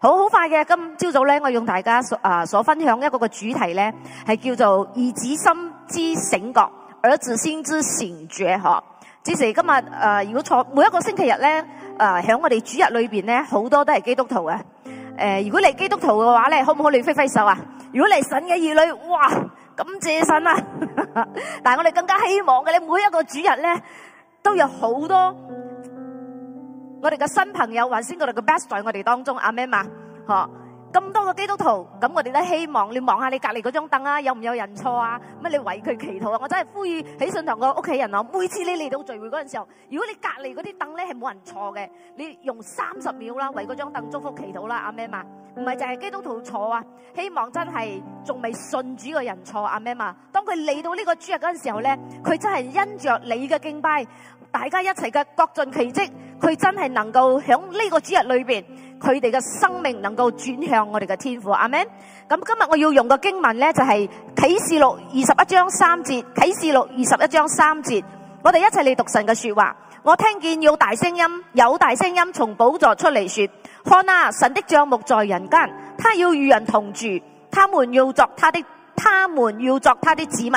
好好快嘅，今朝早咧，我用大家所啊、呃、所分享一個嘅主題咧，係叫做兒子心之醒覺，兒子先之善者嗬。即是今日誒、呃，如果坐每一個星期日咧，誒、呃、喺我哋主日裏邊咧，好多都係基督徒嘅。誒、呃，如果你基督徒嘅話咧，可唔可以你揮揮手啊？如果你係神嘅兒女，哇，感謝神啊！ 但係我哋更加希望嘅你每一個主日咧，都有好多。我哋嘅新朋友，還先我哋嘅 best 在我哋當中，阿媽嘛，嗬，咁多個基督徒，咁我哋都希望你望下你隔籬嗰張凳啊，有唔有人坐啊？乜你為佢祈禱啊？我真係呼籲喺信堂嘅屋企人啊！每次你嚟到聚會嗰陣時候，如果你隔籬嗰啲凳咧係冇人坐嘅，你用三十秒啦，為嗰張凳祝福祈禱啦，阿媽嘛，唔係就係基督徒坐啊！希望真係仲未信主嘅人坐，阿媽嘛，當佢嚟到呢個主日嗰陣時候咧，佢真係因着你嘅敬拜。大家一齊嘅各盡其職，佢真係能夠響呢個主日裏邊，佢哋嘅生命能夠轉向我哋嘅天父，阿門。咁今日我要用個經文呢，就係啟示錄二十一章三節。啟示錄二十一章三節，我哋一齊嚟讀神嘅說話。我聽見有大聲音，有大聲音從寶座出嚟說，看啊，神的帳目在人間，他要與人同住，他們要作他的，他們要作他的，的子民，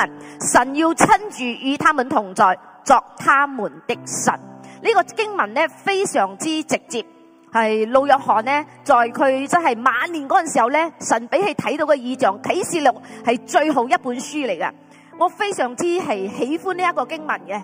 神要親自與他們同在。作他們的神，呢、這個經文呢，非常之直接，係路約翰呢，在佢真係晚年嗰陣時候呢，神俾佢睇到嘅異象啟示錄係最後一本書嚟㗎，我非常之係喜歡呢一個經文嘅。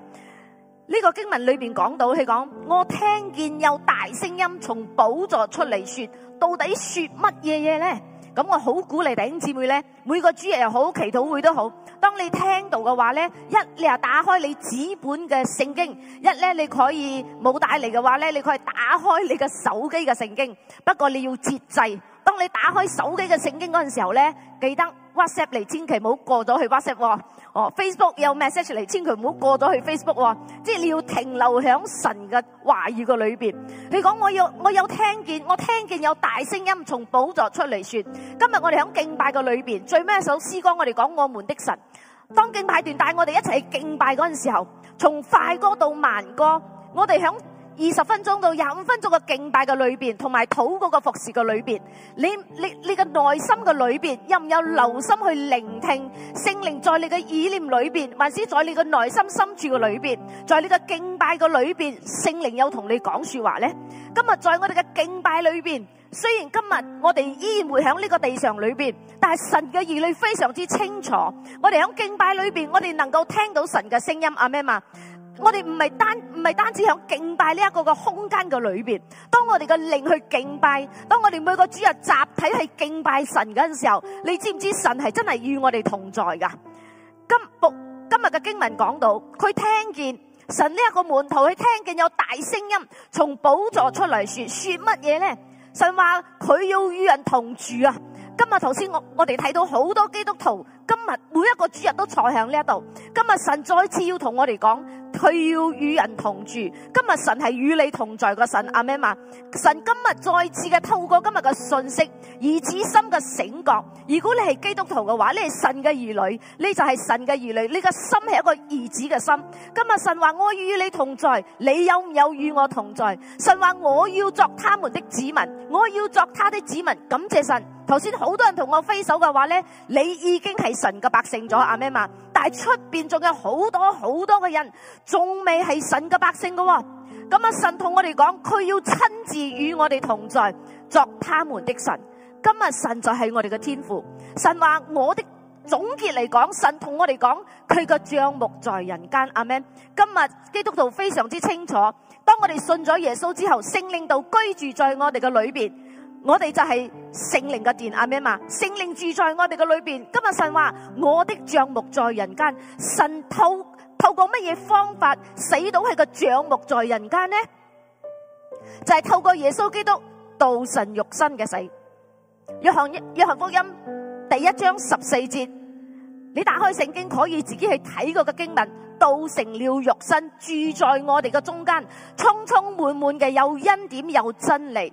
呢、這個經文裏邊講到佢講，「我聽見有大聲音從寶座出嚟說，到底說乜嘢嘢呢？」咁我好鼓勵弟兄姊妹呢，每個主日又好，祈禱會都好，當你聽到嘅話呢，一你又打開你紙本嘅聖經，一呢你可以冇帶嚟嘅話呢，你可以打開你嘅手機嘅聖經。不過你要節制。當你打開手機嘅聖經嗰陣時候呢，記得 WhatsApp 嚟，千祈唔好過咗去 WhatsApp，哦。Facebook 有 message 出嚟，千祈唔好過咗去 Facebook，即係你要停留響神嘅話語個裏邊。佢講我要我有聽見，我聽見有大聲音從寶座出嚟說：今日我哋響敬拜個裏邊，最尾一首詩歌，我哋講我們的神。當敬拜團帶我哋一齊敬拜嗰陣時候，從快歌到慢歌，我哋響。二十分鐘到廿五分鐘嘅敬拜嘅裏邊，同埋禱告嘅服侍嘅裏邊，你你你嘅內心嘅裏邊，有唔有留心去聆聽聖靈在你嘅意念裏邊，還是在你嘅內心深處嘅裏邊，在你嘅敬拜嘅裏邊，聖靈有同你講説話呢？今日在我哋嘅敬拜裏邊，雖然今日我哋依然會喺呢個地上裏邊，但係神嘅兒女非常之清楚，我哋喺敬拜裏邊，我哋能夠聽到神嘅聲音。阿咩嘛？我哋唔係單唔係單止響敬拜呢一個嘅空間嘅裏邊，當我哋嘅靈去敬拜，當我哋每個主日集體係敬拜神嗰陣時候，你知唔知神係真係與我哋同在噶？今仆今日嘅經文講到，佢聽見神呢一個門徒，佢聽見有大聲音從寶座出嚟說，說乜嘢咧？神話佢要與人同住啊！今日頭先，我我哋睇到好多基督徒。今日每一個主日都坐喺呢一度。今日神再次要同我哋講，佢要與人同住。今日神係與你同在個神，阿媽嘛。神今日再次嘅透過今日嘅信息，兒子心嘅醒覺。如果你係基督徒嘅話，你係神嘅兒女，你就係神嘅兒女。你個心係一個兒子嘅心。今日神話我與你同在，你有唔有與我同在？神話我要作他們的子民，我要作他的子民。感謝神。頭先好多人同我揮手嘅話呢，你已經係神嘅百姓咗，阿們嘛？但係出邊仲有好多好多嘅人，仲未係神嘅百姓嘅喎。今日神同我哋講，佢要親自與我哋同在，作他們的神。今日神就係我哋嘅天父。神話我的總結嚟講，神同我哋講佢嘅帳幕在人間，阿們？今日基督徒非常之清楚，當我哋信咗耶穌之後，聖靈都居住在我哋嘅裏邊。我哋就係聖靈嘅殿，阿咩嘛，聖靈住在我哋嘅裏邊。今日神話，我的帳幕在人間。神透透過乜嘢方法使到佢個帳幕在人間呢？就係、是、透過耶穌基督道神肉身嘅死。約翰約翰福音第一章十四節，你打開聖經可以自己去睇嗰個經文，道成了肉身住在我哋嘅中間，充充滿滿嘅有恩典有真理。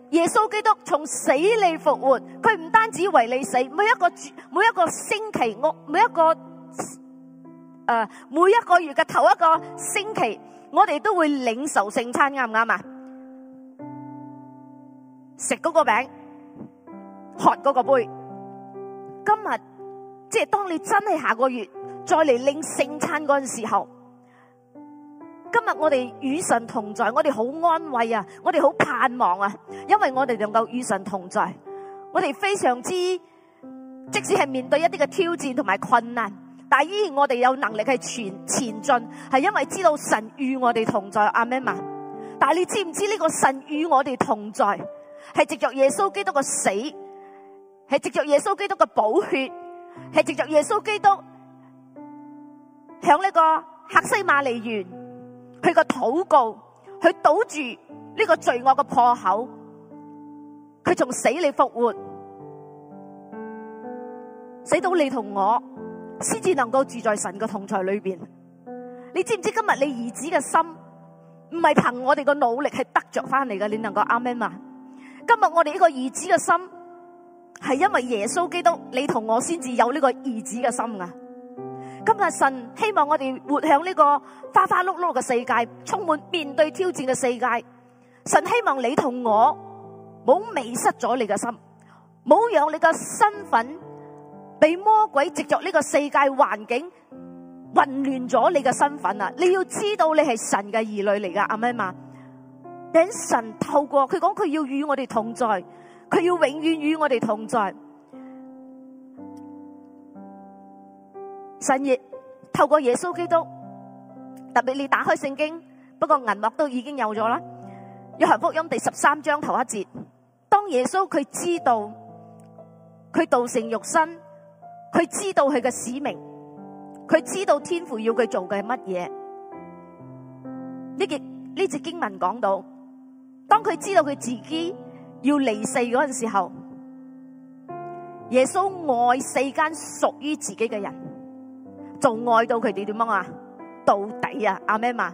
耶穌基督從死裏復活，佢唔單止為你死，每一個每一個星期我每一個誒、呃、每一個月嘅頭一個星期，我哋都會領受聖餐，啱唔啱啊？食嗰個餅，喝嗰個杯，今日即係當你真係下個月再嚟領聖餐嗰陣時候。今日我哋與神同在，我哋好安慰啊，我哋好盼望啊，因為我哋能夠與神同在，我哋非常之即使係面對一啲嘅挑戰同埋困難，但係依然我哋有能力係前前進，係因為知道神與我哋同在，阿媽咪，但係你知唔知呢個神與我哋同在，係藉着耶穌基督嘅死，係藉着耶穌基督嘅寶血，係藉着耶穌基督響呢個黑西馬尼園。去個禱告，去堵住呢個罪惡嘅破口，佢從死裏復活，死到你同我，先至能夠住在神嘅同在裏邊。你知唔知道今日你兒子嘅心唔係憑我哋個努力係得着翻嚟嘅？你能夠阿們嗎？今日我哋呢個兒子嘅心係因為耶穌基督，你同我先至有呢個兒子嘅心啊！今日神希望我哋活喺呢個花花碌碌嘅世界，充滿面對挑戰嘅世界。神希望你同我，冇迷失咗你嘅心，冇讓你嘅身份被魔鬼藉着呢個世界環境混亂咗你嘅身份啊！你要知道你係神嘅兒女嚟噶，阿媽。等神透過佢講，佢要與我哋同在，佢要永遠與我哋同在。神亦透過耶穌基督，特別你打開聖經，不過銀幕都已經有咗啦。約翰福音第十三章頭一節，當耶穌佢知道佢道成肉身，佢知道佢嘅使命，佢知道天父要佢做嘅係乜嘢。呢節呢節經文講到，當佢知道佢自己要離世嗰陣時候，耶穌愛世間屬於自己嘅人。做愛到佢哋點樣啊？到底啊，阿咩嘛？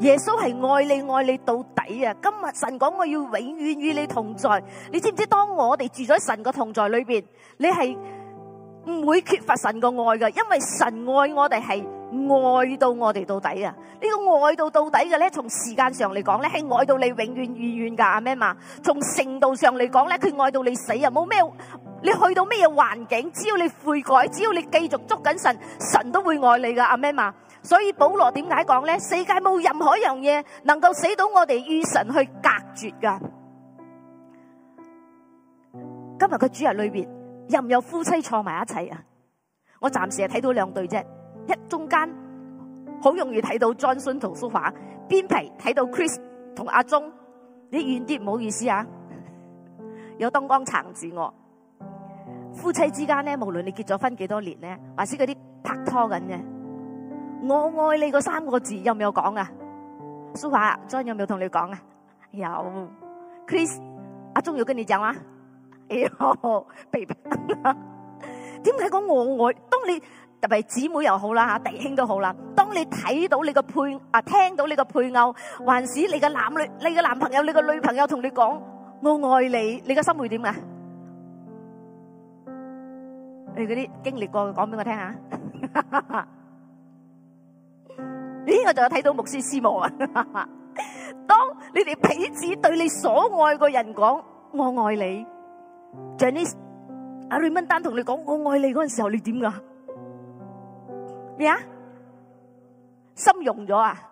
耶穌係愛你愛你到底啊！今日神講，我要永遠與你同在，你知唔知？當我哋住咗神個同在裏邊，你係唔會缺乏神個愛㗎，因為神愛我哋係愛到我哋到底啊！呢個愛到到底嘅咧，從時間上嚟講咧，係愛到你永遠永遠噶，阿咩嘛？從程度上嚟講咧，佢愛到你死啊！冇咩？你去到咩環境，只要你悔改，只要你繼續捉緊神，神都會愛你噶，阿 Men。所以保羅點解講咧？世界冇任何一樣嘢能夠死到我哋與神去隔絕噶。今日個主日裏邊，有唔有夫妻坐埋一齊啊？我暫時係睇到兩對啫，一中間好容易睇到 Johnson 同蘇華，邊皮睇到 Chris 同阿鍾。你遠啲唔好意思啊，有燈光撐住我。夫妻之間咧，無論你結咗婚幾多年咧，還是嗰啲拍拖緊嘅，我愛你嗰三個字有冇有講啊？蘇華、John 有冇同你講啊？有，Chris，阿鍾要跟你講啊？哎喲，baby，點解講我愛？當你特別姊妹又好啦吓，弟兄都好啦，當你睇到你個配啊，聽到你個配偶，還是你個男女，你個男朋友、你個女朋友同你講我愛你，你個心會點啊？你嗰啲經歷過，講俾我聽下。咦，我仲有睇到牧師師母啊！當你哋彼此對你所愛個人講我愛你，Janice 阿瑞曼丹同你講我愛你嗰陣時候，你點噶？咩啊？心溶咗啊？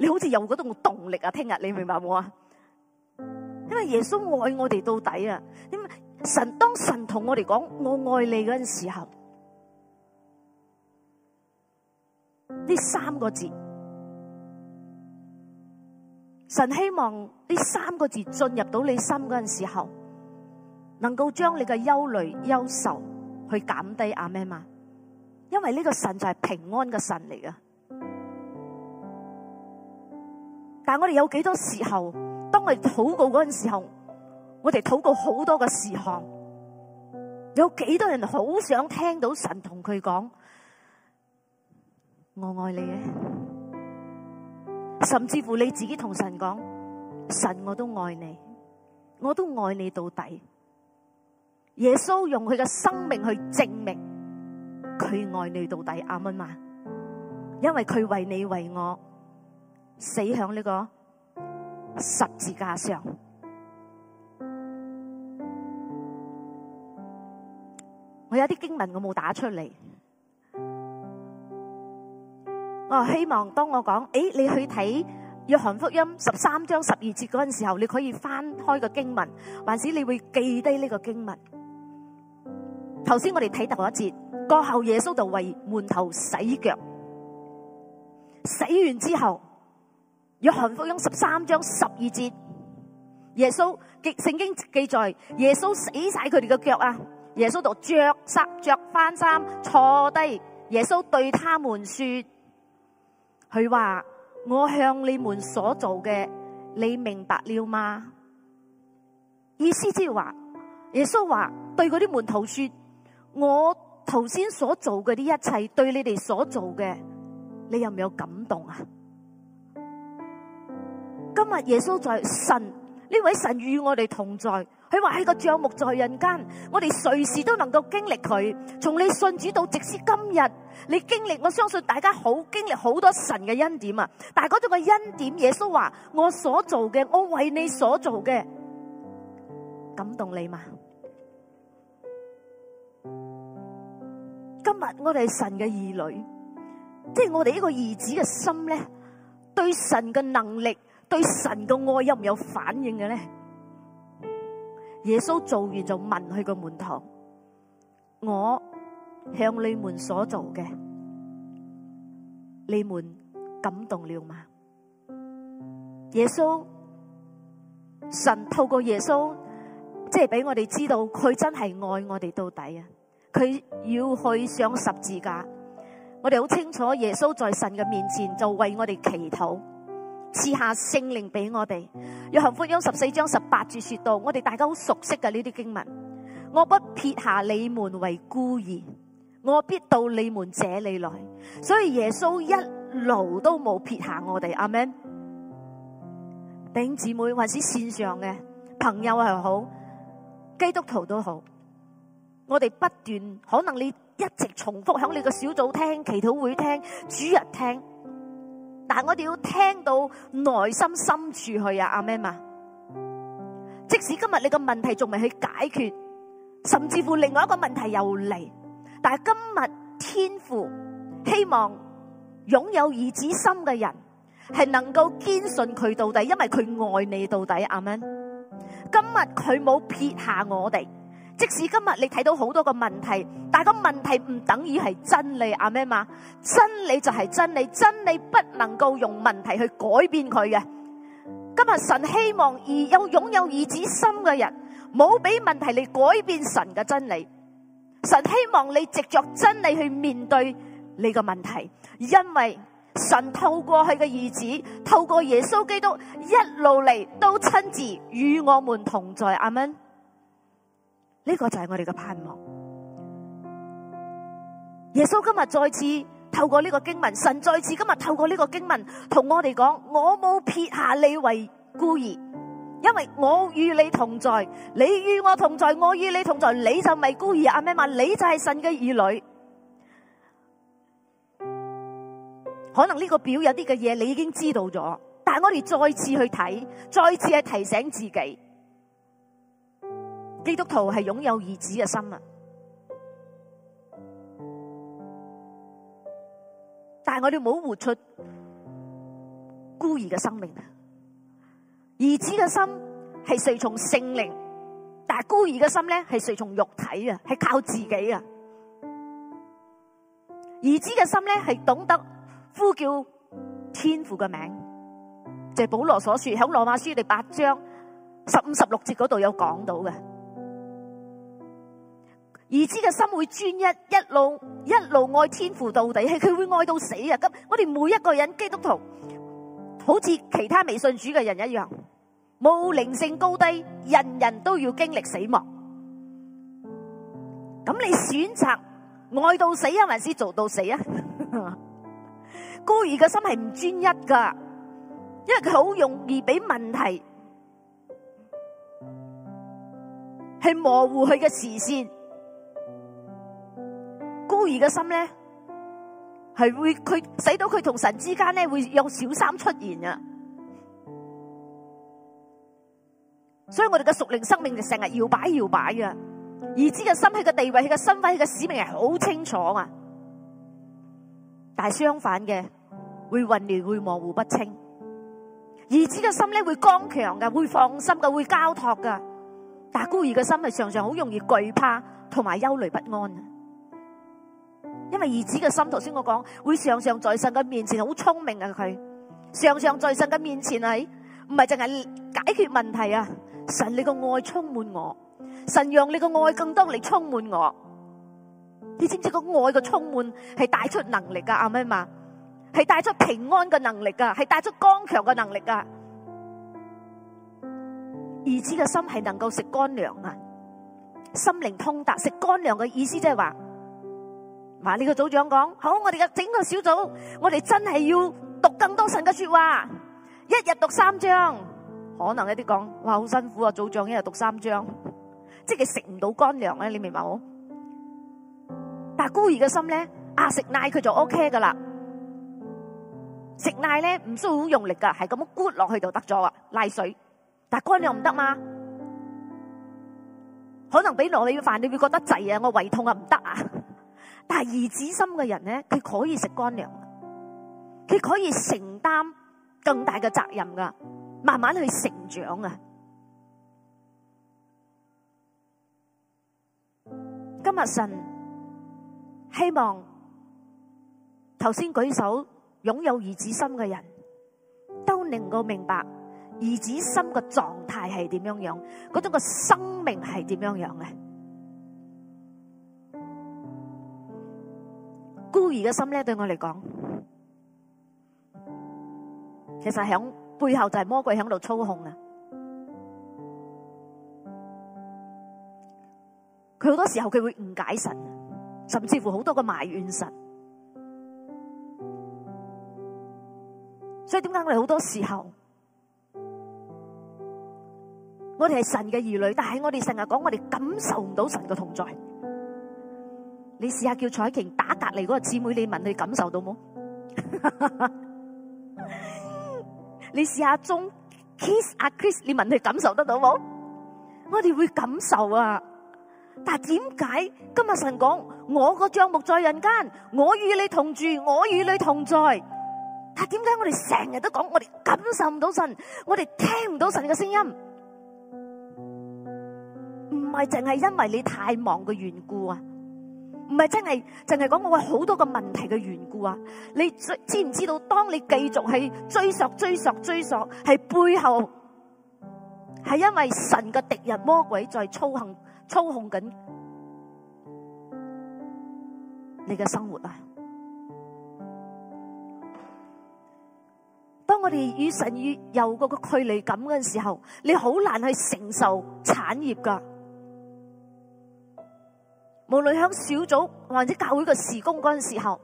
你好似有嗰種動力啊！聽日你明白冇啊？因為耶穌愛我哋到底啊！咁神當神同我哋講我愛你嗰陣時候，呢三個字，神希望呢三個字進入到你心嗰陣時候，能夠將你嘅憂慮憂愁去減低啊！咩嘛？因為呢個神就係平安嘅神嚟噶。但我哋有幾多時候，當我哋禱告嗰陣時候，我哋禱告好多嘅事項，有幾多人好想聽到神同佢講，我愛你咧？甚至乎你自己同神講，神我都愛你，我都愛你到底。耶穌用佢嘅生命去證明佢愛你到底，阿們嘛？因為佢為你為我。死喺呢個十字架上。我有啲經文我冇打出嚟，我希望當我講，誒，你去睇約翰福音十三章十二節嗰陣時候，你可以翻開個經文，還是你會記低呢個經文。頭先我哋睇第一節，過後耶穌就為門徒洗腳，洗完之後。約翰福音十三章十二節，耶穌記聖經記載，耶穌死晒佢哋嘅腳啊！耶穌就着衫、着翻衫、坐低。耶穌對他們說：佢話我向你們所做嘅，你明白了嗎？意思即係話，耶穌話對嗰啲門徒說：我頭先所做嘅啲一切，對你哋所做嘅，你有唔有感動啊？今日耶穌在神呢位神與我哋同在，佢話喺個帳目在人間，我哋隨時都能夠經歷佢。從你信主到直至今日，你經歷，我相信大家好經歷好多神嘅恩典啊！但係嗰種嘅恩典，耶穌話我所做嘅，我為你所做嘅，感動你嘛？今日我哋係神嘅兒女，即係我哋呢個兒子嘅心咧，對神嘅能力。對神嘅愛有唔有反應嘅咧？耶穌做完就問佢個門徒：「我向你們所做嘅，你們感動了嗎？」耶穌神透過耶穌，即係俾我哋知道佢真係愛我哋到底啊！佢要去上十字架，我哋好清楚耶穌在神嘅面前就為我哋祈禱。賜下聖靈俾我哋，約翰福音十四章十八節說到：我哋大家好熟悉嘅呢啲經文。我不撇下你們為孤兒，我必到你們這裏來。所以耶穌一路都冇撇下我哋，阿門。弟兄姊妹還是線上嘅朋友又好，基督徒都好，我哋不斷，可能你一直重複響你個小組聽、祈禱會聽、主日聽。但係我哋要聽到內心深處去啊，阿們啊，即使今日你個問題仲未去解決，甚至乎另外一個問題又嚟，但係今日天，天父希望擁有兒子心嘅人係能夠堅信佢到底，因為佢愛你到底，阿們，今日佢冇撇下我哋。即使今日你睇到好多個問題，但個問題唔等於係真理阿咩嘛，真理就係真理，真理不能夠用問題去改變佢嘅。今日神希望而有擁有兒子心嘅人，冇俾問題嚟改變神嘅真理。神希望你藉着真理去面對你個問題，因為神透過佢嘅兒子，透過耶穌基督一路嚟都親自與我們同在。阿門。呢個就係我哋嘅盼望。耶穌今日再次透過呢個經文，神再次今日透過呢個經文同我哋講：我冇撇下你為孤兒，因為我與你同在，你與我同在，我與你同在，你就唔係孤兒阿媽嘛，你就係神嘅兒女。可能呢個表有啲嘅嘢，你已經知道咗，但係我哋再次去睇，再次係提醒自己。基督徒係擁有兒子嘅心啊，但係我哋冇活出孤兒嘅生命啊！兒子嘅心係隨從聖靈，但係孤兒嘅心咧係隨從肉體啊，係靠自己啊！兒子嘅心咧係懂得呼叫天父嘅名，就係保羅所說喺羅馬書第八章十五十六節嗰度有講到嘅。兒子嘅心會專一，一路一路愛天父到底，係佢會愛到死啊！咁我哋每一個人基督徒，好似其他未信主嘅人一樣，冇靈性高低，人人都要經歷死亡。咁你選擇愛到死啊，還是做到死啊？孤兒嘅心係唔專一噶，因為佢好容易俾問題係模糊佢嘅視線。孤兒嘅心咧，係會佢使到佢同神之間咧，會有小三出現啊！所以我哋嘅屬靈生命就成日搖擺搖擺嘅，兒子嘅心喺個地位、佢嘅身份、佢嘅使命係好清楚啊，但係相反嘅會混亂、會模糊不清。兒子嘅心咧會剛強㗎，會放心㗎，會交託㗎，但係孤兒嘅心係常常好容易懼怕同埋憂慮不安。因為兒子嘅心，頭先我講會常常在神嘅面前，好聰明啊！佢常常在神嘅面前係唔係淨係解決問題啊？神你個愛充滿我，神讓你個愛更多嚟充滿我。你知唔知個愛嘅充滿係帶出能力噶阿媽嘛？係帶出平安嘅能力噶，係帶出剛強嘅能力噶。兒子嘅心係能夠食乾糧啊！心靈通達，食乾糧嘅意思即係話。嗱，呢個組長講，好，我哋嘅整個小組，我哋真係要讀更多神嘅說話，一日讀三章，可能有啲講，哇，好辛苦啊，組長一日讀三章，即係食唔到乾糧咧，你明白冇？但係孤兒嘅心咧，啊，食奶佢就 OK 噶啦，食奶咧唔需要好用力噶，係咁樣咕落去就得咗啊，奶水，但係乾糧唔得嘛，可能俾糯米飯你會覺得滯啊，我胃痛啊，唔得啊。但係兒子心嘅人咧，佢可以食乾糧，佢可以承擔更大嘅責任噶，慢慢去成長啊！今日神希望頭先舉手擁有兒子心嘅人都能夠明白兒子心嘅狀態係點樣樣，嗰種嘅生命係點樣樣嘅。孤兒嘅心咧，對我嚟講，其實響背後就係魔鬼響度操控啊！佢好多時候佢會誤解神，甚至乎好多嘅埋怨神。所以點解我哋好多時候，我哋係神嘅兒女，但係我哋成日講，我哋感受唔到神嘅同在。你試下叫彩瓊打隔籬嗰個姊妹，你問佢感受到冇？你試下鐘 kiss 阿 Chris，你問佢感受得到冇？我哋會感受啊，但係點解今日神講我個帳目在人間，我與你同住，我與你同在？但係點解我哋成日都講我哋感受唔到神，我哋聽唔到神嘅聲音？唔係淨係因為你太忙嘅緣故啊！唔係真係淨係講我話好多個問題嘅緣故啊！你知唔知道？當你繼續去追索、追索、追索，係背後係因為神嘅敵人魔鬼在操控、操控緊你嘅生活啊！當我哋與神與有嗰個距離感嘅時候，你好難去承受產業噶。無論喺小組或者教會嘅事工嗰陣時候，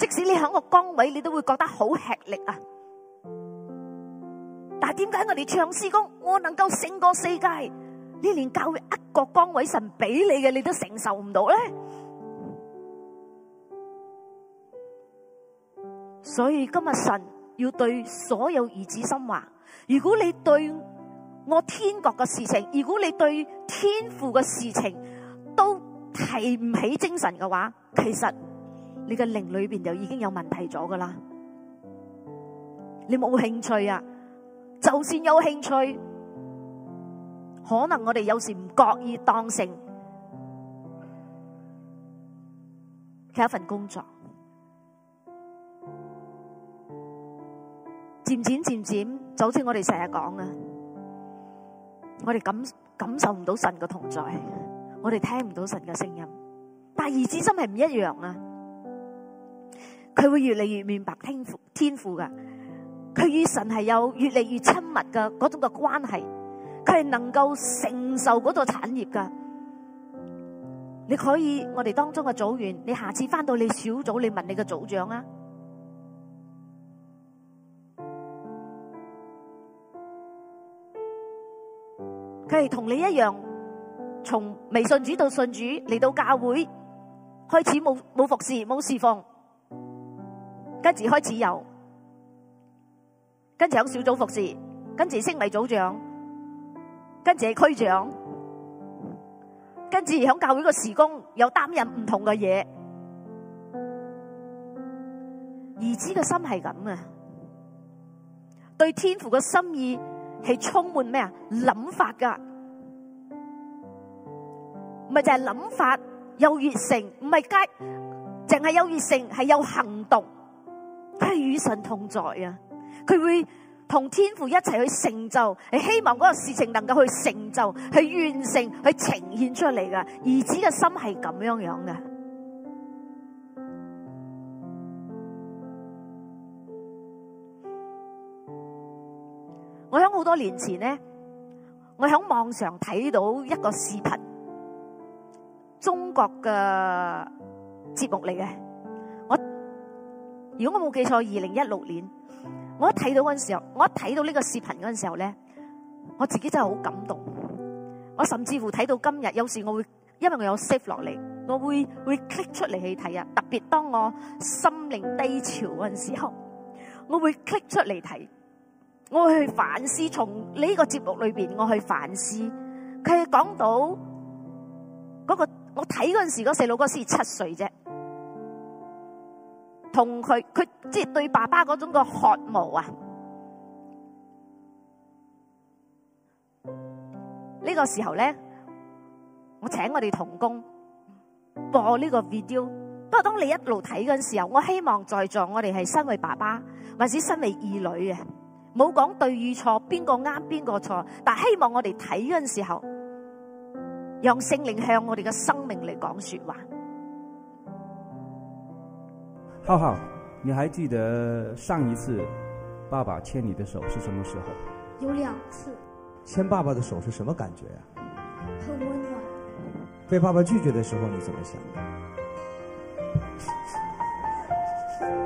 即使你喺個崗位，你都會覺得好吃力啊！但係點解我哋唱事工，我能夠勝過世界？你連教會一個崗位，神俾你嘅，你都承受唔到咧？所以今日神要對所有兒子心話，如果你對。我天國嘅事情，如果你對天父嘅事情都提唔起精神嘅話，其實你嘅靈裏邊就已經有問題咗㗎喇。你冇興趣啊，就算有興趣，可能我哋有時唔覺意當成係一份工作，漸漸漸漸，就好似我哋成日講嘅。我哋感感受唔到神嘅同在，我哋聽唔到神嘅聲音，但兒子心係唔一樣啊！佢會越嚟越明白天父天父噶，佢與神係有越嚟越親密嘅嗰種嘅關係，佢係能夠承受嗰個產業噶。你可以我哋當中嘅組員，你下次翻到你小組，你問你嘅組長啊。係同你一樣，從未信主到信主，嚟到教會開始冇冇服侍冇侍奉，跟住開始有，跟住響小組服侍，跟住升為組長，跟住係區長，跟住響教會個時工有擔任唔同嘅嘢，兒子嘅心係咁啊，對天父嘅心意。係充滿咩啊？諗法噶唔係就係諗法，有熱誠，唔係街，淨係有熱誠，係有行動，係與神同在啊！佢會同天父一齊去成就，係希望嗰個事情能夠去成就，去完成，去呈現出嚟噶。兒子嘅心係咁樣樣嘅。好多年前咧，我喺網上睇到一個視頻，中國嘅節目嚟嘅。我如果我冇記錯，二零一六年，我一睇到陣時候，我一睇到呢個視頻陣時候咧，我自己真係好感動。我甚至乎睇到今日，有時我會因為我有 save 落嚟，我會會 click 出嚟去睇啊。特別當我心靈低潮陣時候，我會 click 出嚟睇。我去反思從呢個節目裏邊，我去反思佢係講到嗰、嗰個我睇嗰陣時，嗰細佬哥先七歲啫，同佢佢即係對爸爸嗰種個渴慕啊！呢、呢個時候咧，我請我哋同工播呢個 video。不過當你一路睇嗰陣時候，我希望在座我哋係身為爸爸，或者身為兒女嘅。冇講對與錯，邊個啱邊個錯，但希望我哋睇嗰陣時候，讓聖靈向我哋嘅生命嚟講說話。浩浩，你還記得上一次爸爸牽你嘅手是什麼時候？有兩次。牽爸爸嘅手是什麼感覺呀？很溫暖。被爸爸拒絕的時候，你怎麼想的？的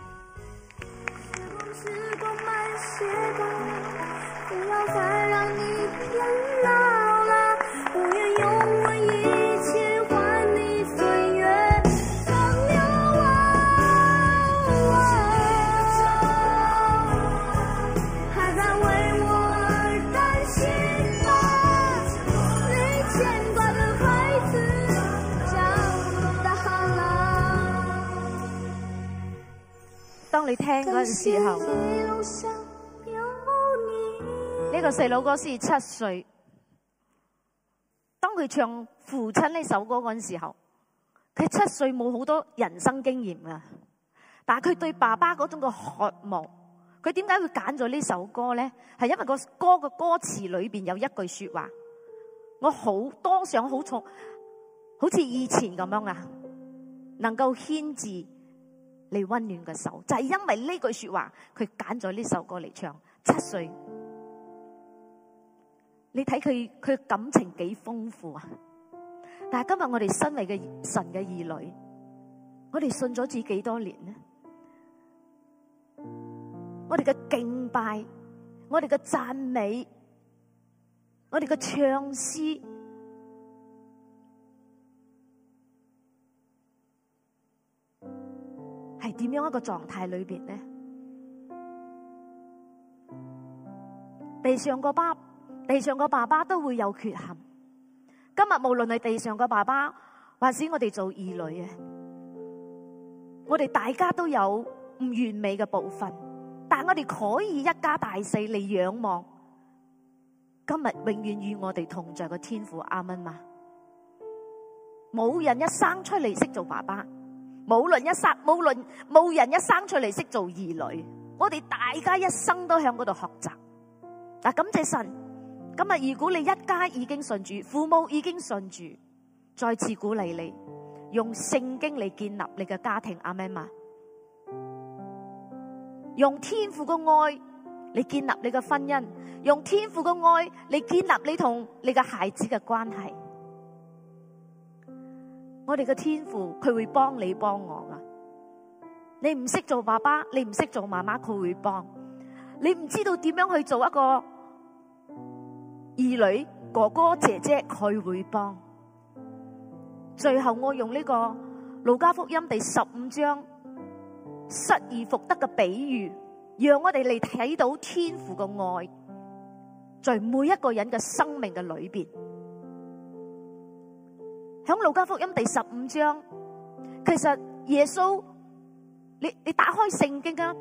聽嗰陣時候，呢、這個細佬哥先七歲。當佢唱《父親》呢首歌嗰陣時候，佢七歲冇好多人生經驗啊。但係佢對爸爸嗰種嘅渴望，佢點解會揀咗呢首歌咧？係因為個歌嘅歌詞裏邊有一句說話：我好多想好重，好似以前咁樣啊，能夠牽住。你溫暖嘅手，就係因為呢句說話，佢揀咗呢首歌嚟唱。七歲，你睇佢佢感情幾豐富啊！但係今日我哋身為嘅神嘅兒女，我哋信咗主幾多年呢？我哋嘅敬拜，我哋嘅讚美，我哋嘅唱詩。係點樣一個狀態裏邊呢？地上個爸，爸，地上個爸爸都會有缺陷。今日無論係地上個爸爸，還是我哋做兒女嘅，我哋大家都有唔完美嘅部分。但我哋可以一家大細嚟仰望，今日永遠與我哋同在嘅天父啱吖嘛，冇人一生出嚟識做爸爸。無論一生，無論冇人一生出嚟識做兒女，我哋大家一生都向嗰度學習。嗱，感謝神，今日如果你一家已經信住，父母已經信住，再次鼓勵你用聖經嚟建立你嘅家庭，阿們嗎，用天父嘅愛嚟建立你嘅婚姻，用天父嘅愛嚟建立你同你嘅孩子嘅關係。我哋嘅天父，佢會幫你幫我噶。你唔識做爸爸，你唔識做媽媽，佢會幫。你唔知道點樣去做一個兒女哥哥姐姐，佢會幫。最後我用呢個《路加福音》第十五章失而復得嘅比喻，讓我哋嚟睇到天父嘅愛，在每一個人嘅生命嘅裏邊。響路加福音第十五章，其實耶穌，你你打開聖經㗎，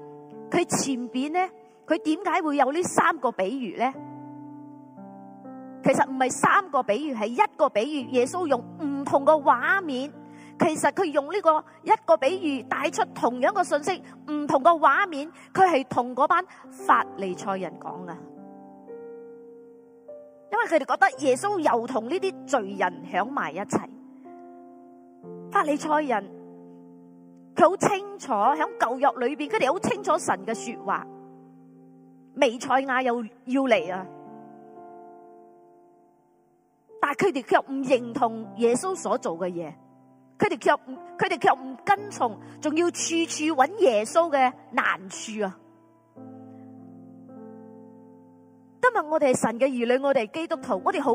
佢前邊咧，佢點解會有呢三個比喻咧？其實唔係三個比喻，係一個比喻。耶穌用唔同個畫面，其實佢用呢個一個比喻帶出同樣個信息，唔同個畫面，佢係同嗰班法利賽人講嘅。因為佢哋覺得耶穌又同呢啲罪人響埋一齊，法利賽人佢好清楚響舊約裏邊，佢哋好清楚神嘅說話，彌賽亞又要嚟啊！但係佢哋卻唔認同耶穌所做嘅嘢，佢哋卻佢哋卻唔跟從，仲要處處揾耶穌嘅難處啊！因為我哋係神嘅兒女，我哋基督徒，我哋好，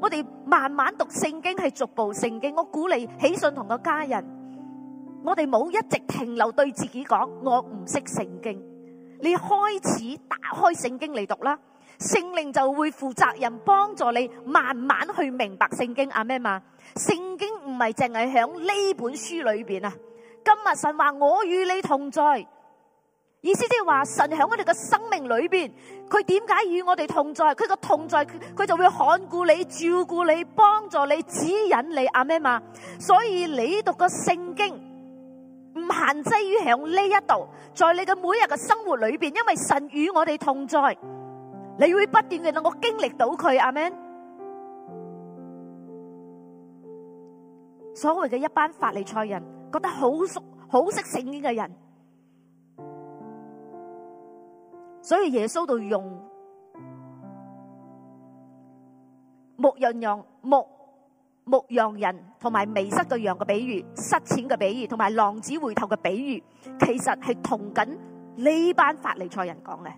我哋慢慢讀聖經，係逐步聖經。我鼓勵起信同個家人，我哋冇一直停留對自己講，我唔識聖經。你開始打開聖經嚟讀啦，聖靈就會負責任幫助你慢慢去明白聖經，阿們嘛？聖經唔係淨係響呢本書裏邊啊！今日神話我與你同在。意思即係話，神喺我哋嘅生命裏邊，佢點解與我哋同在？佢個同在，佢就會看顧你、照顧你、幫助你、指引你。阿咩嘛？所以你讀個聖經，唔限制於響呢一度，在你嘅每日嘅生活裏邊，因為神與我哋同在，你會不斷嘅能夠經歷到佢。阿咩？所謂嘅一班法利賽人，覺得好熟、好識聖經嘅人。所以耶穌都用牧羊羊牧牧羊人同埋迷失嘅羊嘅比喻，失錢嘅比喻，同埋浪子回頭嘅比喻，其實係同緊呢班法利賽人講嘅。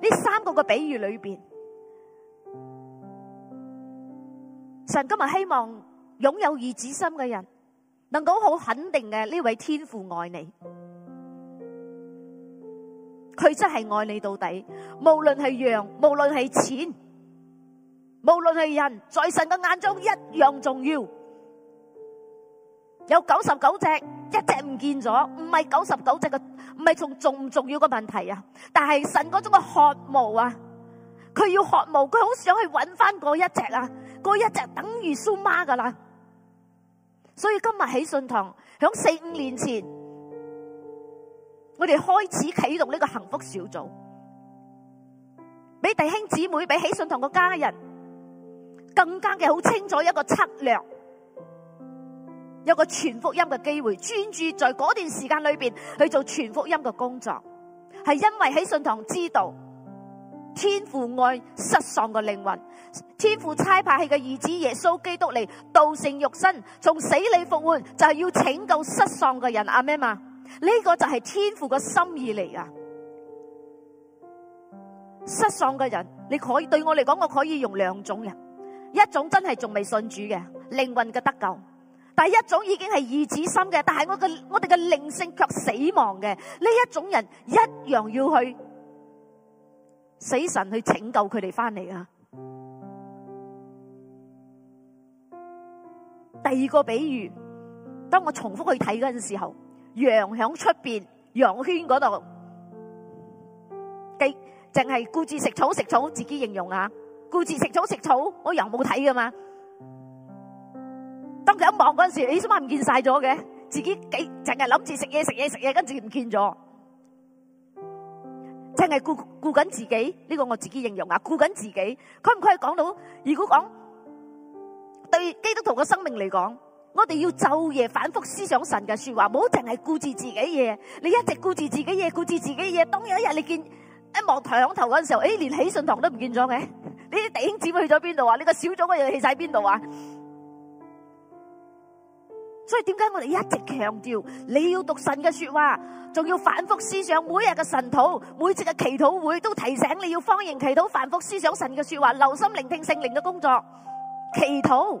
呢三個嘅比喻裏邊，神今日希望擁有義子心嘅人，能夠好肯定嘅呢位天父愛你。佢真係愛你到底，無論係羊，無論係錢，無論係人，在神嘅眼中一樣重要。有九十九隻，一隻唔見咗，唔係九十九隻嘅，唔係從重唔重要嘅問題啊！但係神嗰種嘅渴慕啊，佢要渴慕，佢好想去揾翻嗰一隻啊，嗰一隻等於蘇媽噶啦。所以今日喺信堂，響四五年前。我哋開始啟動呢個幸福小組，俾弟兄姊妹、俾喜信堂個家人更加嘅，好清楚一個策略，有一個全福音嘅機會，專注在嗰段時間裏邊去做全福音嘅工作，係因為喜信堂知道天父愛失喪嘅靈魂，天父差派佢嘅兒子耶穌基督嚟，道成肉身，從死裏復活，就係、是、要拯救失喪嘅人。阿咩嘛？呢、這個就係天父個心意嚟㗎！失喪嘅人，你可以對我嚟講，我可以用兩種人：一種真係仲未信主嘅靈魂嘅得救，但係一種已經係意子心嘅，但係我嘅我哋嘅靈性卻死亡嘅呢一種人一樣要去死神去拯救佢哋翻嚟啊！第二個比喻，當我重復去睇嗰陣時候。羊喺出邊羊圈嗰度，幾淨係顧住食草食草，自己形容啊，顧住食草食草，我羊冇睇噶嘛。當佢一望嗰陣時，咦，點解唔見晒咗嘅？自己幾淨係諗住食嘢食嘢食嘢，跟住唔見咗，淨係顧顧緊自己呢個我自己形容啊，顧緊自己，佢唔可以講到如果講對基督徒嘅生命嚟講。我哋要晝夜反覆思想神嘅說話，唔好淨係顧住自己嘢。你一直顧住自己嘢，顧住自己嘢，當有一日你見一望抬頭嘅時候，誒，連喜信堂都唔見咗嘅，你啲弟兄姊妹去咗邊度啊？你個小組嘅又去晒邊度啊？所以點解我哋一直強調你要讀神嘅說話，仲要反覆思想每日嘅神禱，每次嘅祈禱會都提醒你要方言祈禱，反覆思想神嘅說話，留心聆聽聖靈嘅工作，祈禱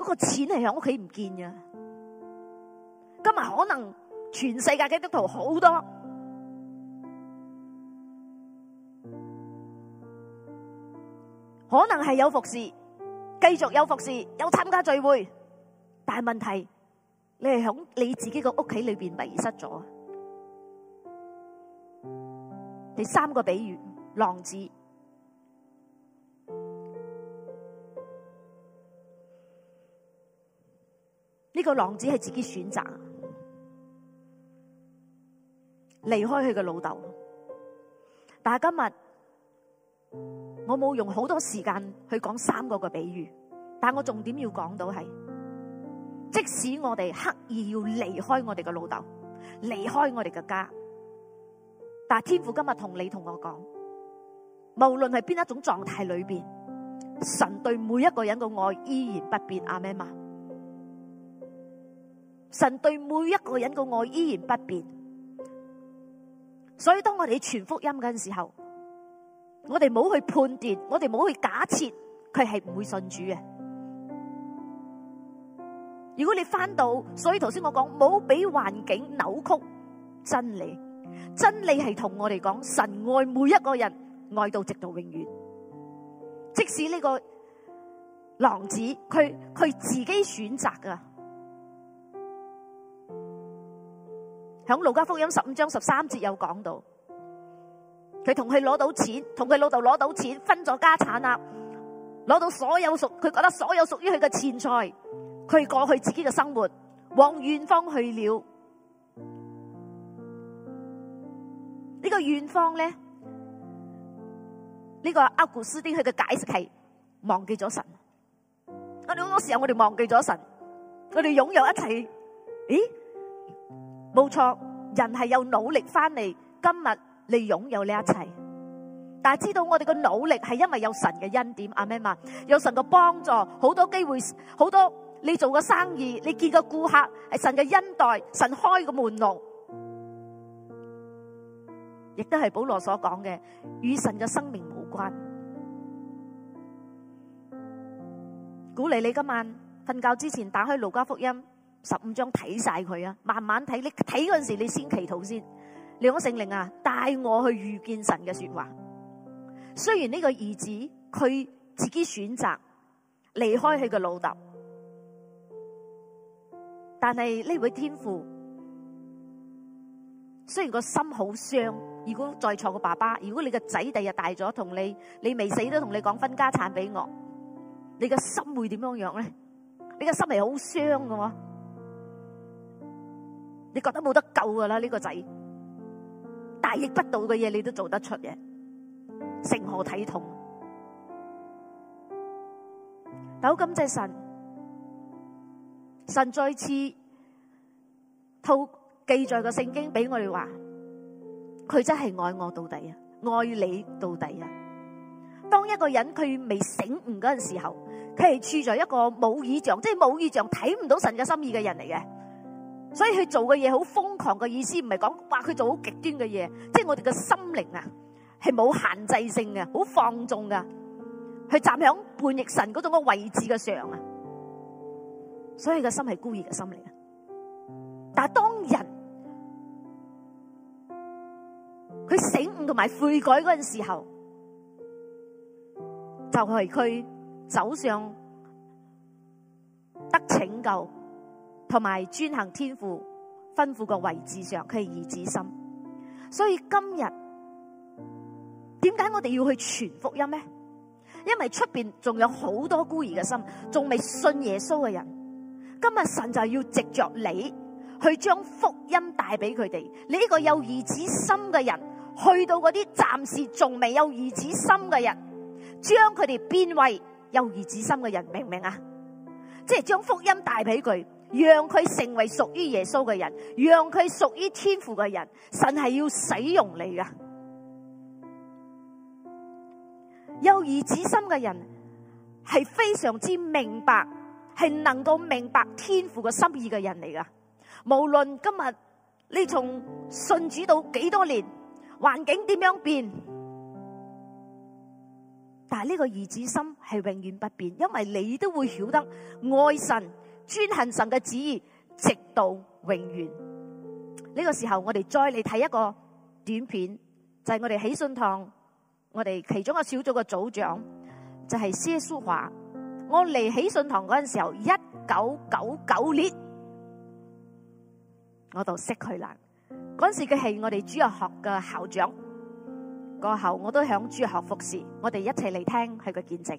嗰、那個錢係喺屋企唔見嘅，今日可能全世界嘅基督徒好多，可能係有服侍，繼續有服侍，有參加聚會，但係問題你係響你自己個屋企裏邊迷失咗。第三個比喻，浪子。呢、這個浪子係自己選擇離開佢個老豆，但係今日我冇用好多時間去講三個個比喻，但我重點要講到係，即使我哋刻意要離開我哋個老豆，離開我哋嘅家，但係天父今日同你同我講，無論係邊一種狀態裏邊，神對每一個人嘅愛依然不變。阿們。神對每一個人嘅愛依然不變，所以當我哋傳福音嗰陣時候，我哋冇去判斷，我哋冇去假設佢係唔會信主嘅。如果你翻到，所以頭先我講，冇俾環境扭曲真理，真理係同我哋講神愛每一個人，愛到直到永遠，即使呢個浪子，佢佢自己選擇噶。喺路加福音十五章十三節有講到，佢同佢攞到錢，同佢老豆攞到錢，分咗家產啦，攞到所有屬佢覺得所有屬於佢嘅錢財，佢過去自己嘅生活，往遠方去了。呢、這個遠方咧，呢、這個阿古斯丁佢嘅解釋係忘記咗神。我哋好多時候我哋忘記咗神，我哋擁有一切，咦？冇錯，人係有努力翻嚟，今日你擁有呢一切。但係知道我哋嘅努力係因為有神嘅恩典，阿咩嘛，有神嘅幫助，好多機會，好多你做嘅生意，你見個顧客係神嘅恩待，神開個門路，亦都係保羅所講嘅，與神嘅生命無關。鼓勵你今晚瞓覺之前打開《路加福音》。十五章睇晒佢啊，慢慢睇。你睇嗰陣時，你先祈禱先。兩個聖靈啊，帶我去遇見神嘅說話。雖然呢個兒子佢自己選擇離開佢嘅老豆，但係呢位天父，雖然個心好傷。如果在座個爸爸，如果你個仔第日大咗同你，你未死都同你講分家產俾我，你個心會點樣樣咧？你個心係好傷噶你覺得冇得救噶啦？呢個仔大逆不道嘅嘢，你都做得出嘅，成何體統？好感謝神，神再次套記載個聖經俾我哋話，佢真係愛我到底啊，愛你到底啊！當一個人佢未醒悟嗰陣時候，佢係處在一個冇意象，即係冇意象睇唔到神嘅心意嘅人嚟嘅。所以佢做嘅嘢好瘋狂嘅意思，唔係講話佢做好極端嘅嘢，即係我哋嘅心靈啊，係冇限制性嘅，好放縱噶，去站喺叛逆神嗰種嘅位置嘅上啊。所以個心係孤兒嘅心嚟嘅，但係當日佢醒悟同埋悔改嗰陣時候，就係佢走上得拯救。同埋遵行天父吩咐個位置上，佢係兒子心，所以今日點解我哋要去傳福音呢？因為出邊仲有好多孤兒嘅心，仲未信耶穌嘅人。今日神就係要藉着你去將福音帶俾佢哋。你呢個有兒子心嘅人，去到嗰啲暫時仲未有兒子心嘅人，將佢哋變為有兒子心嘅人，明唔明啊？即係將福音帶俾佢。讓佢成為屬於耶穌嘅人，讓佢屬於天父嘅人，神係要使用你噶。有兒子心嘅人係非常之明白，係能夠明白天父嘅心意嘅人嚟噶。無論今日你從信主到幾多年，環境點樣變，但係呢個兒子心係永遠不變，因為你都會曉得愛神，遵行神嘅旨意，直到永遠。呢、這個時候，我哋再嚟睇一個短片，就係、是、我哋喜信堂，我哋其中一個小組嘅組長就係薛淑華。我嚟喜信堂嗰陣時候，一九九九年，我就識佢啦。嗰時佢係我哋主日學嘅校長，過後我都響主日學服侍。我哋一齊嚟聽佢嘅見證。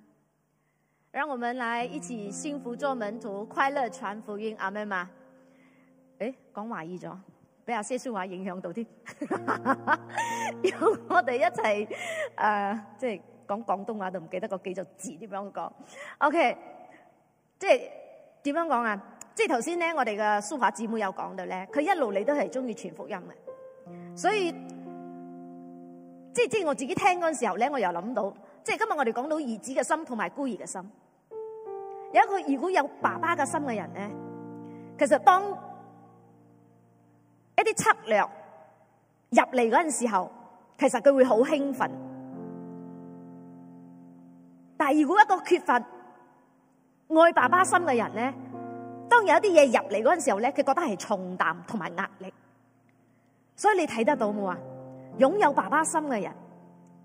讓我們來一起幸福做門徒，快樂傳福音，阿們媽。誒，講華語咗，俾阿些淑華影響到聽。要我哋一齊誒，即、呃、係、就是、講廣東話都唔記得個幾咗字點樣講。OK，即係點樣講啊？即係頭先咧，我哋嘅書法姊妹有講到咧，佢一路你都係中意傳福音嘅，所以即係即係我自己聽嗰陣時候咧，我又諗到，即、就、係、是、今日我哋講到兒子嘅心同埋孤兒嘅心。有一個如果有爸爸嘅心嘅人咧，其實當一啲策略入嚟嗰陣時候，其實佢會好興奮。但係如果一個缺乏愛爸爸心嘅人咧，當有一啲嘢入嚟嗰陣時候咧，佢覺得係重擔同埋壓力。所以你睇得到冇啊？擁有爸爸心嘅人，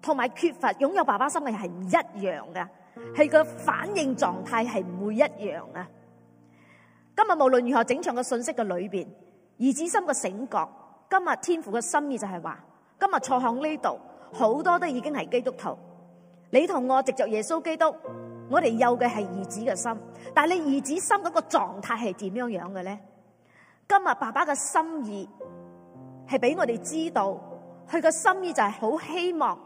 同埋缺乏擁有爸爸心嘅人係唔一樣㗎。係個反應狀態係唔會一樣啊！今日無論如何整場嘅信息嘅裏邊，兒子心嘅醒覺，今日天，天父嘅心意就係話，今日坐向呢度好多都已經係基督徒，你同我藉着耶穌基督，我哋有嘅係兒子嘅心，但係你兒子心嗰個狀態係點樣樣嘅咧？今日爸爸嘅心意係俾我哋知道，佢嘅心意就係好希望。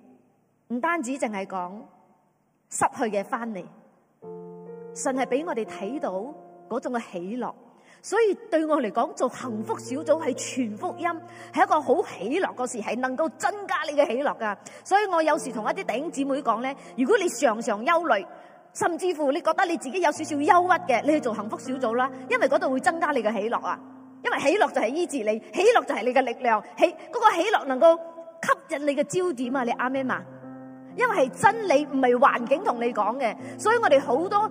唔單止淨係講失去嘅翻嚟，甚係俾我哋睇到嗰種嘅喜樂。所以對我嚟講，做幸福小組係全福音，係一個好喜樂個事，係能夠增加你嘅喜樂噶。所以我有時同一啲弟兄姊妹講呢：「如果你常常憂慮，甚至乎你覺得你自己有少少憂鬱嘅，你去做幸福小組啦，因為嗰度會增加你嘅喜樂啊。」因為喜樂就係醫治你，喜樂就係你嘅力量，喜嗰、嗰個喜樂能夠吸引你嘅焦點啊！你啱咩嘛？因為係真理，唔係環境同你講嘅，所以我哋好多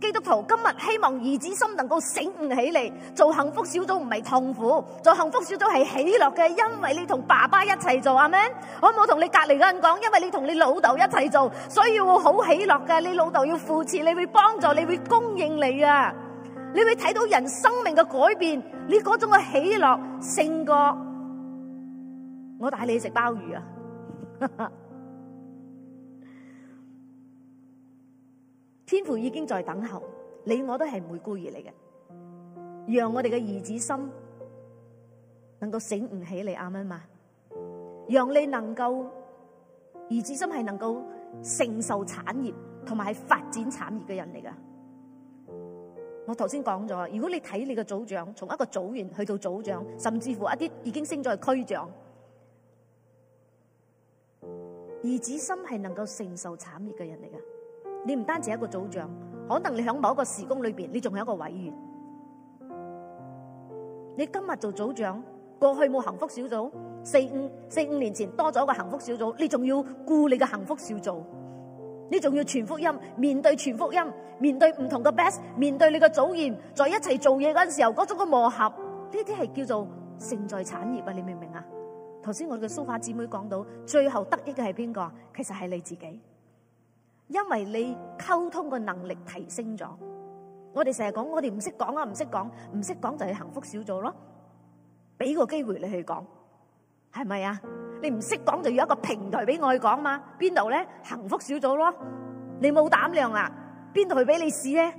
基督徒今日希望兒子心能夠醒悟起嚟，做幸福小組唔係痛苦，做幸福小組係喜樂嘅，因為你同爸爸一齊做，阿門，我冇同你隔離嘅人講，因為你同你老豆一齊做，所以會好喜樂嘅，你老豆要扶持，你會幫助，你會供應你啊，你會睇到人生命嘅改變，你嗰種嘅喜樂，勝過，我帶你去食鮑魚啊！ 乎已經在等候你，我都係唔會故意嚟嘅。讓我哋嘅兒子心能夠醒唔起你啱唔啱嘛？讓你能夠兒子心係能夠承受產業，同埋係發展產業嘅人嚟噶。我頭先講咗，如果你睇你嘅組長，從一個組員去到組長，甚至乎一啲已經升咗去區長，兒子心係能夠承受產業嘅人嚟噶。你唔單止係一個組長，可能你喺某一個時空裏邊，你仲係一個委員。你今日做組長，過去冇幸福小組，四五四五年前多咗一個幸福小組，你仲要顧你嘅幸福小組，你仲要傳福音，面對傳福音，面對唔同嘅 best，面對你嘅組員，在一齊做嘢嗰陣時候，嗰種嘅磨合，呢啲係叫做勝在產業啊！你明唔明啊？頭先我嘅蘇化姊妹講到，最後得益嘅係邊個？其實係你自己。因為你溝通嘅能力提升咗，我哋成日講，我哋唔識講啊，唔識講，唔識講就係幸福小組咯。俾個機會你去講，係咪啊？你唔識講就要一個平台俾我去講嘛？邊度咧？幸福小組咯。你冇膽量啊？邊度去俾你試咧？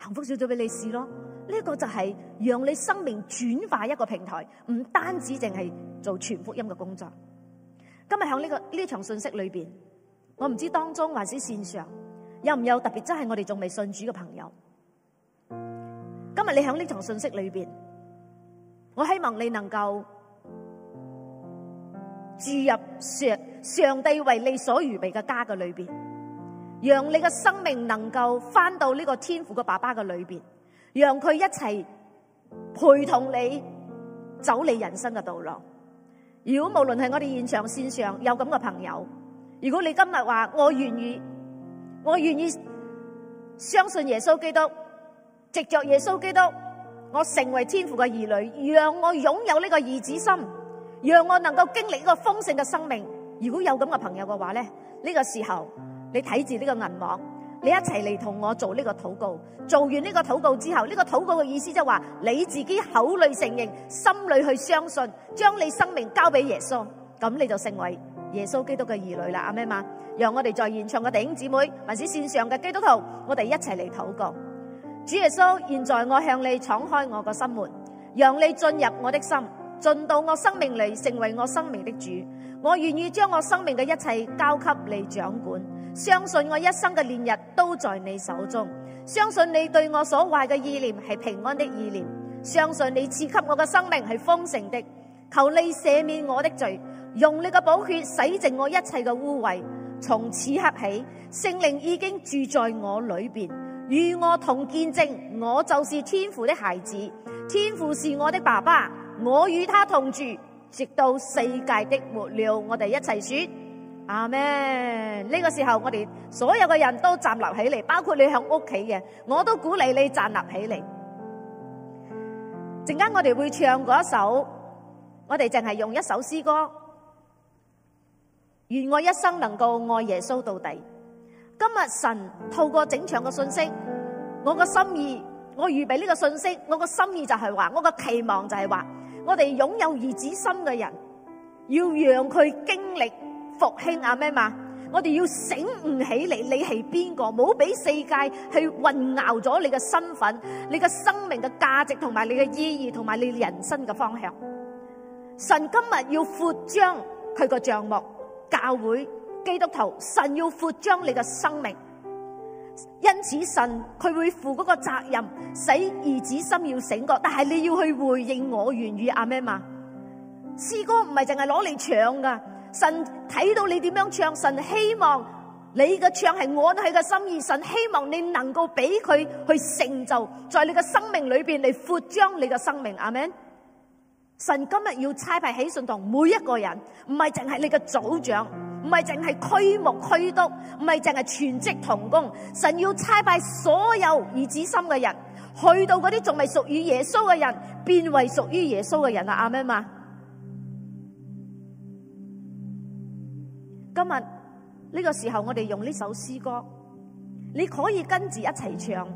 幸福小組俾你試咯。呢個就係讓你生命轉化一個平台，唔單止淨係做全福音嘅工作。今日喺呢個呢場信息裏邊。我唔知當中還是線上，有唔有特別真係我哋仲未信主嘅朋友？今日你喺呢層信息裏邊，我希望你能夠注入上上帝為你所預備嘅家嘅裏邊，讓你嘅生命能夠翻到呢個天父嘅爸爸嘅裏邊，讓佢一齊陪同你走你人生嘅道路。如果無論係我哋現場、線上有咁嘅朋友，如果你今日話我願意，我願意相信耶穌基督，藉着耶穌基督，我成為天父嘅兒女，讓我擁有呢個兒子心，讓我能夠經歷呢個豐盛嘅生命。如果有咁嘅朋友嘅話呢呢、呢個時候你睇住呢個銀幕，你一齊嚟同我做呢個禱告。做完呢個禱告之後，呢、呢個禱告嘅意思就係話你自己口裏承認，心裏去相信，將你生命交俾耶穌，咁你就成為。耶穌基督嘅兒女啦，阿咩嘛，讓我哋在現場嘅弟兄姊妹，還是綫上嘅基督徒，我哋一齊嚟禱告。主耶穌，現在我向你敞開我個心門，讓你進入我的心，進到我生命裏，成為我生命的主。我願意將我生命嘅一切交給你掌管，相信我一生嘅年日都在你手中，相信你對我所懷嘅意念係平安的意念，相信你賜給我嘅生命係豐盛的。求你赦免我的罪。用你嘅寶血洗淨我一切嘅污穢，從此刻起，聖靈已經住在我裏邊，與我同見證，我就是天父的孩子，天父是我的爸爸，我與他同住，直到世界的末了，我哋一齊說阿門。呢個時候，我哋所有嘅人都站立起嚟，包括你響屋企嘅，我都鼓勵你站立起嚟。陣間我哋會唱嗰一首，我哋淨係用一首詩歌。願我一生能夠愛耶穌到底。今日神透過整場嘅信息，我個心意，我預備呢個信息，我個心意就係話，我個期望就係話，我哋擁有兒子心嘅人，要讓佢經歷復興啊咩嘛。我哋要醒悟起嚟，你係邊個，冇俾世界去混淆咗你嘅身份、你嘅生命嘅價值同埋你嘅意義同埋你人生嘅方向。神今日要擴張佢個帳幕。教會基督徒，神要擴張你嘅生命，因此神佢會負嗰個責任，使兒子心要醒覺。但係你要去回應我願意，阿們嘛？詩歌唔係淨係攞嚟唱噶，神睇到你點樣唱，神希望你嘅唱係我喺嘅心意。神希望你能夠俾佢去成就，在你嘅生命裏邊嚟擴張你嘅生命，阿們？神今日要差派喜信同每一個人，唔係淨係你嘅組長，唔係淨係區牧區督，唔係淨係全職同工。神要差派所有兒子心嘅人，去到嗰啲仲未屬於耶穌嘅人，變為屬於耶穌嘅人啊！阿咩嘛，今日呢個時候我哋用呢首詩歌，你可以跟住一齊唱，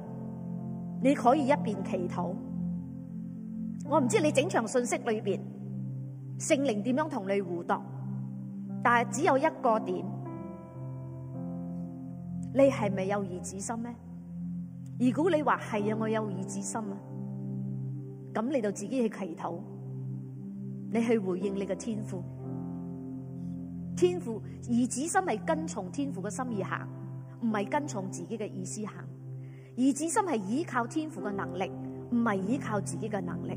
你可以一邊祈禱。我唔知你整場信息裏邊聖靈點樣同你互動，但係只有一個點，你係咪有兒子心呢？如果你話係啊，我有兒子心啊，咁你就自己去祈禱，你去回應你嘅天父，天父，兒子心係跟從天父嘅心意行，唔係跟從自己嘅意思行。兒子心係依靠天父嘅能力，唔係依靠自己嘅能力。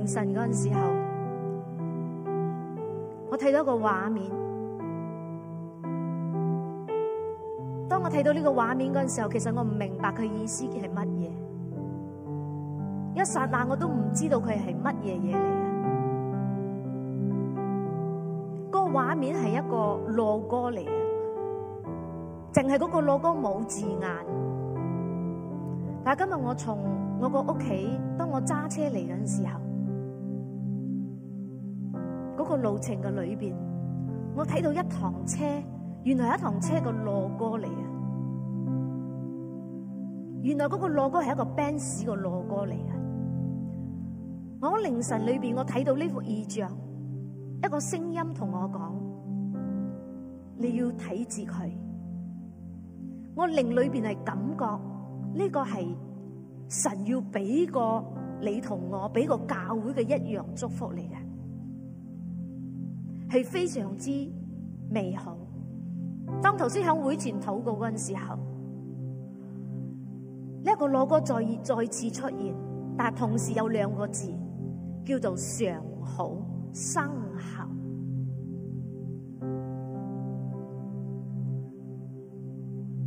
凌晨嗰陣時候，我睇到個畫面。當我睇到呢個畫面陣時候，其實我唔明白佢意思嘅係乜嘢。一剎那我都唔知道佢係乜嘢嘢嚟嘅。個畫面係一個樂歌嚟嘅，淨係個樂歌冇字眼。但係今日我從我個屋企，當我揸車嚟陣時候。這個路程嘅裏邊，我睇到一堂車，原來係一堂車個羅哥嚟啊！原來個羅哥係一個 bands 個羅哥嚟啊！我凌晨裏邊，我睇到呢副異象，一個聲音同我講：你要睇住佢。我靈裏邊係感覺呢、這個係神要俾個你同我俾個教會嘅一樣祝福嚟嘅。係非常之美好。當頭先喺會前禱告嗰陣時候這，呢一個樂歌再再次出現，但同時有兩個字叫做常好生效」。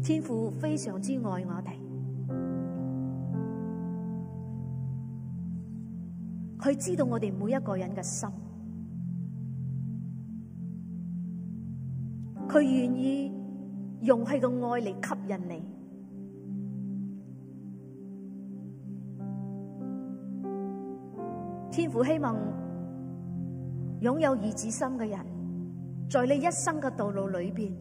天父非常之愛我哋，佢知道我哋每一個人嘅心。佢願意用佢個愛嚟吸引你。天父希望擁有兒子心嘅人，在你一生嘅道路裏邊，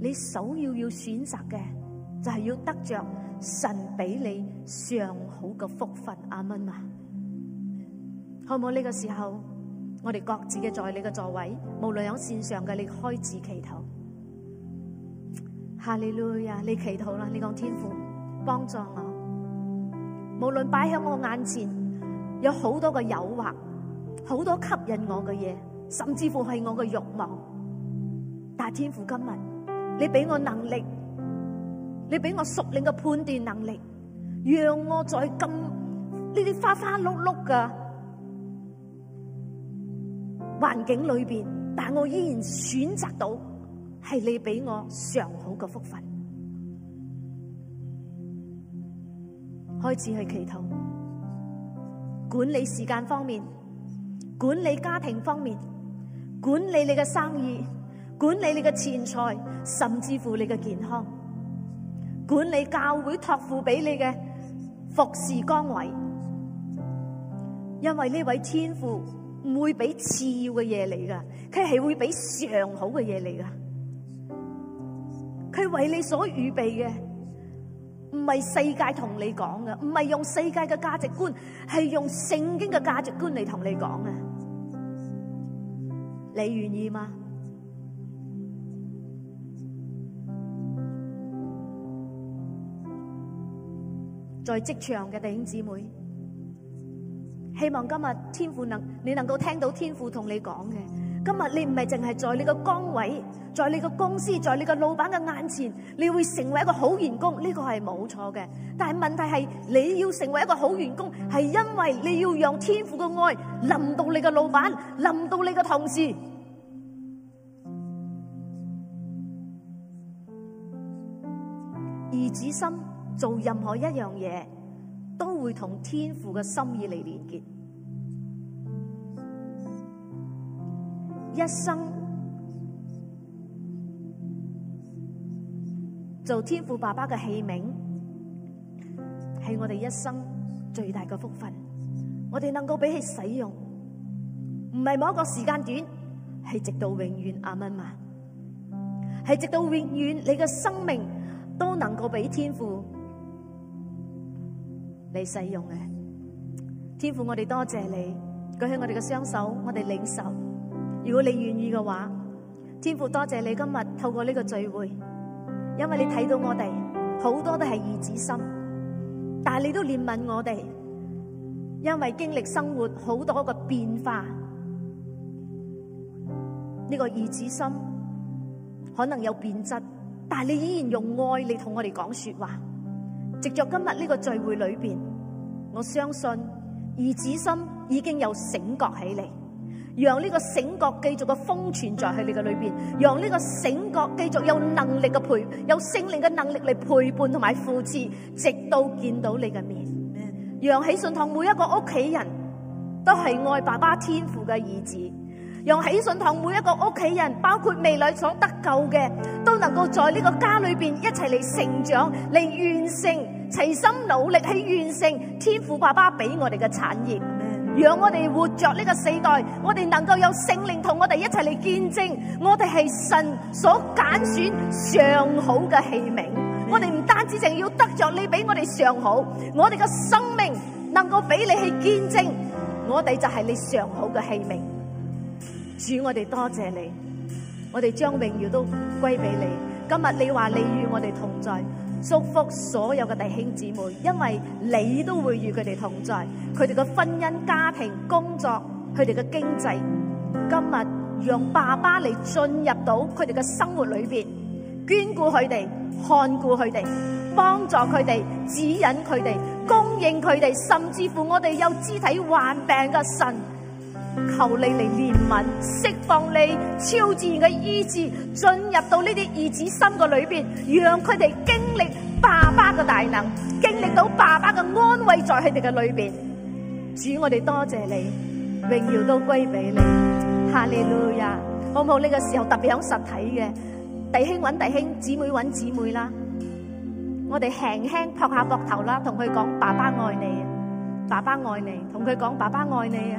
你首要要選擇嘅就係要得着神俾你上好嘅福分。阿們啊，好唔好呢個時候？我哋各自嘅在你嘅座位，無論有線上嘅，你開始祈禱。哈利路亞，你祈禱啦，你講，天父幫助我。無論擺喺我眼前有好多嘅誘惑，好多吸引我嘅嘢，甚至乎係我嘅慾望。但係天父今日，你俾我能力，你俾我熟練嘅判斷能力，讓我在咁呢啲花花碌碌嘅。環境裏邊，但我依然選擇到係你俾我上好嘅福分。開始去祈禱，管理時間方面，管理家庭方面，管理你嘅生意，管理你嘅錢財，甚至乎你嘅健康，管理教會托付俾你嘅服侍崗位，因為呢位天父。唔會畀次要嘅嘢嚟噶，佢係會畀上好嘅嘢嚟噶。佢為你所預備嘅，唔係世界同你講嘅，唔係用世界嘅價值觀，係用聖經嘅價值觀嚟同你講嘅。你願意嗎？在職場嘅弟兄姊妹。希望今日天父能你能夠聽到天父同你講嘅，今日你唔係淨係在你個崗位，在你個公司，在你個老闆嘅眼前，你會成為一個好員工，呢個係冇錯嘅。但係問題係，你要成為一個好員工，係因為你要讓天父嘅愛淋到你嘅老闆，淋到你嘅同事，兒子心做任何一樣嘢。都會同天父嘅心意嚟連結，一生做天父爸爸嘅器皿，係我哋一生最大嘅福分。我哋能夠俾起使用，唔係某一個時間段，係直到永遠阿們嘛，係直到永遠你嘅生命都能夠俾天父。你使用嘅天父，我哋多謝，謝你舉起我哋嘅雙手，我哋領受。如果你願意嘅話，天父多謝，謝你今日透過呢個聚會，因為你睇到我哋好、嗯、多都係兒子心，但係你都憐憫我哋，因為經歷生活好多嘅變化，呢、這個兒子心可能有變質，但係你依然用愛嚟同我哋講說話。藉著今日呢個聚會裏邊，我相信兒子心已經有醒覺起嚟，讓呢個醒覺繼續嘅封存在你嘅裏邊，讓呢個醒覺繼續有能力嘅陪，有聖靈嘅能力嚟陪伴同埋扶持，直到見到你嘅面。讓喜信堂每一個屋企人都係愛爸爸天父嘅兒子，讓喜信堂每一個屋企人，包括未來所得救嘅，都能夠在呢個家裏邊一齊嚟成長，嚟完成。齊心努力去完成天父爸爸俾我哋嘅產業，讓我哋活着呢個世代，我哋能夠有聖靈同我哋一齊嚟見證，我哋係神所揀選上好嘅器皿。我哋唔單止淨要得着你俾我哋上好，我哋嘅生命能夠俾你去見證，我哋就係你上好嘅器皿。主，我哋多謝你，我哋將榮耀都歸俾你。今日你話你與我哋同在。祝福所有嘅弟兄姊妹，因為你都會與佢哋同在，佢哋嘅婚姻、家庭、工作，佢哋嘅經濟，今日讓爸爸嚟進入到佢哋嘅生活裏邊，眷顧佢哋，看顧佢哋，幫助佢哋，指引佢哋，供應佢哋，甚至乎我哋有肢體患病嘅神。求你嚟憐憫，釋放你超自然嘅醫治，進入到呢啲兒子心嘅裏邊，讓佢哋經歷爸爸嘅大能，經歷到爸爸嘅安慰在佢哋嘅裏邊。主，我哋多謝你，榮耀都歸俾你。哈利路亞，好唔好？呢個時候特別響實體嘅，弟兄揾弟兄，姊妹揾姊妹啦。我哋輕輕拍下膊頭啦，同佢講：爸爸愛你，爸爸愛你，同佢講爸爸愛你啊！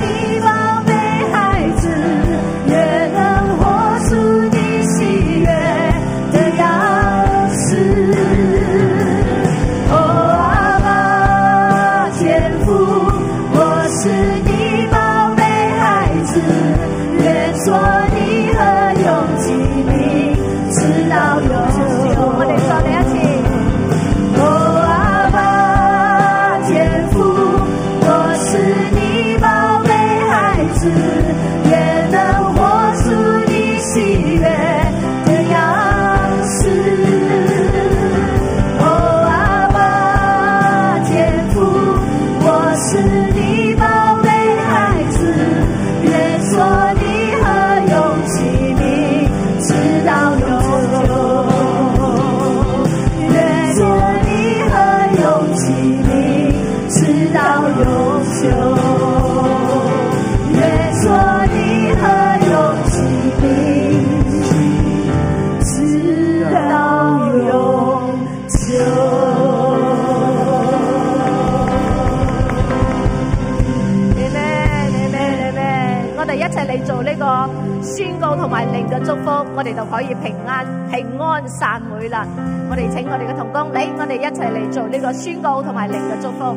嘅、這個、祝福，我哋就可以平安平安散會啦。我哋請我哋嘅同工嚟，我哋一齊嚟做呢個宣告同埋靈嘅祝福。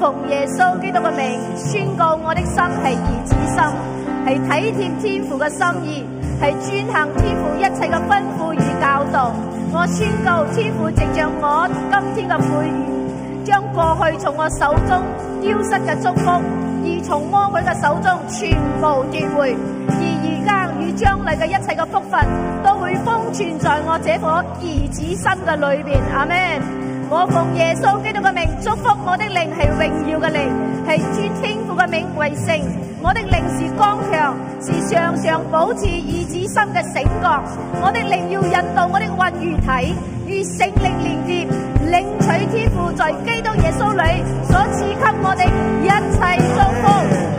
奉耶穌基督嘅名宣告，我的心係兒子心，係體貼天父嘅心意，係遵行天父一切嘅吩咐與教導。我宣告天父藉着我今天嘅悔意，將過去從我手中丟失嘅祝福，而從魔鬼嘅手中全部奪回。將來嘅一切嘅福分都會封存在我這顆兒子心嘅裏邊。阿們，我奉耶穌基督嘅名祝福我的靈係榮耀嘅靈，係尊天父嘅名為聖。我的靈是剛強，是常常保持兒子心嘅醒覺。我的靈要引導我的魂與體，與聖靈連結，領取天父在基督耶穌裏所賜給我的一切祝福。